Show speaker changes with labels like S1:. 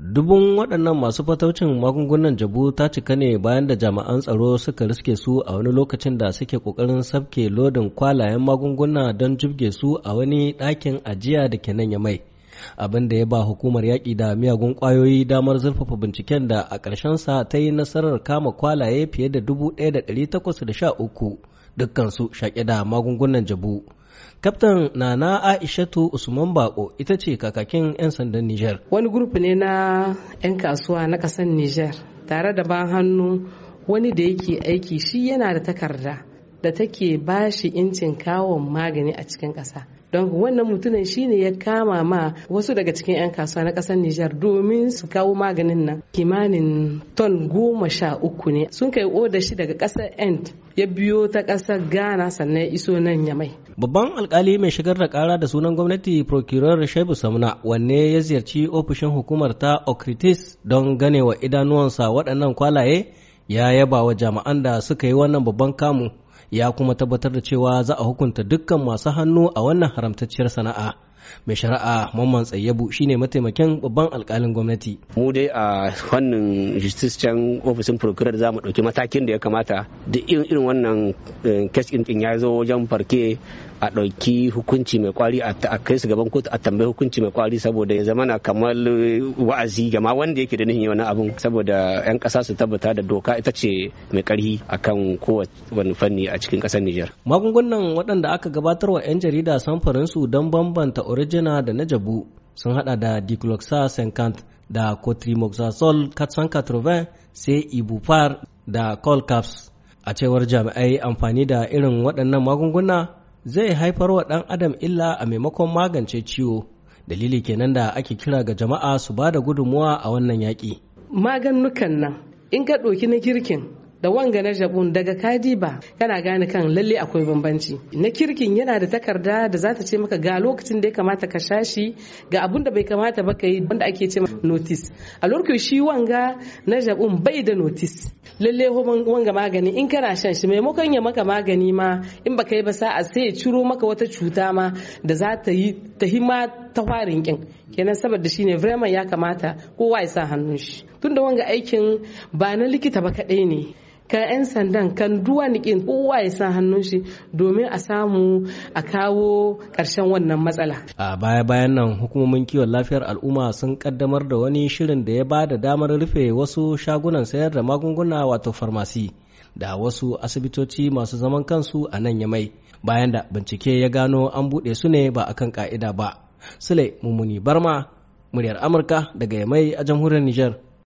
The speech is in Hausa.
S1: Dubun waɗannan masu fataucin magungunan jabu ta cika ne bayan da jami'an tsaro suka riske su a wani lokacin da suke ƙoƙarin sabke lodin kwalayen magunguna don jibge su a wani ɗakin ajiya da ke nan ya mai. Abin da ya ba hukumar yaƙi da miyagun ƙwayoyi damar zurfafa binciken da a sa ta yi nasarar kama kwalaye fiye da dubu ɗaya uku dukkansu shaƙe da magungunan jabu. Kaftan Nana Aishatu Usman Bako ita ce kakakin 'yan sandan Nijar.
S2: Wani grupu ne na 'yan kasuwa na ƙasar Nijar tare da ban hannu wani da yake aiki shi yana da takarda da take ba shi incin kawon magani a cikin ƙasa. Don wannan mutumin shi ne ya kama ma wasu daga cikin 'yan kasuwa na ƙasar Nijar domin su kawo maganin nan kimanin ton goma sha uku ne. Sun kai oda shi daga ƙasar End ya biyo ta ƙasar Ghana sannan ya iso nan ya mai Babban alkali mai
S1: shigar da kara da sunan gwamnati procurer Shaibu Samna wanne ya ziyarci ofishin hukumar ta Okritis don ganewa idanuwansa waɗannan kwalaye ya yaba wa jama'an da suka yi wannan babban kamu ya kuma tabbatar da cewa za a hukunta dukkan masu hannu a wannan haramtacciyar sana'a. mai shari'a mamman tsayyabu shine mataimakin babban alkalin gwamnati
S3: mu dai a fannin justice can ofisin procurer za mu ɗauki matakin da ya kamata da irin wannan kes eh, ɗin ya zo wajen farke a ɗauki hukunci mai kwari a kai su gaban kotu a tambayi hukunci mai kwari saboda ya zamana kamar eh, wa'azi gama wanda yake da nihin wani abun. saboda 'yan ƙasa su tabbata da doka ita ce mai a kan kowane fanni a cikin ƙasar Nijar. Magungunan waɗanda aka gabatar wa 'yan jarida
S1: samfarinsu don bambanta orejena da na jabu sun hada da dicloxacent da cotrimoxazole 480 sai ibupar da colcaps a cewar jami'ai amfani da irin waɗannan magunguna zai haifar wa ɗan adam illa a maimakon magance ciwo dalili kenan da ake kira ga jama'a su ba da gudunmuwa a wannan yaƙi
S2: maganukan nan in ka ɗauki na girkin da wanga na jabun daga kadiba kana gane kan lalle akwai bambanci na kirkin yana da takarda da za ta ce maka ga lokacin da ya kamata ka shashi ga abun da bai kamata ba ka yi wanda ake ce notis a lokacin shi wanga na jabun bai da notis lalle wanga magani in kana shan shi maimakon ya maka magani ma in baka yi ba sa'a sai ya ciro maka wata cuta ma da za ta yi ta hima ta farin kin kenan saboda shine vraiment ya kamata kowa ya sa hannun shi tunda wanga aikin ba na likita ba kadai ne ka 'yan sandan kan duwa nikin kowa ya sa hannun shi domin a samu a kawo ƙarshen wannan matsala.
S1: A baya-bayan nan hukumomin kiwon lafiyar al'umma sun kaddamar da wani shirin da ya ba da damar rufe wasu shagunan sayar da magunguna wato farmasi da wasu asibitoci masu zaman kansu a nan yamai bayan da bincike ya gano an buɗe su ne ba akan ka'ida ba. Sule Barma, muryar Amurka daga yamai a jamhuriyar Nijar.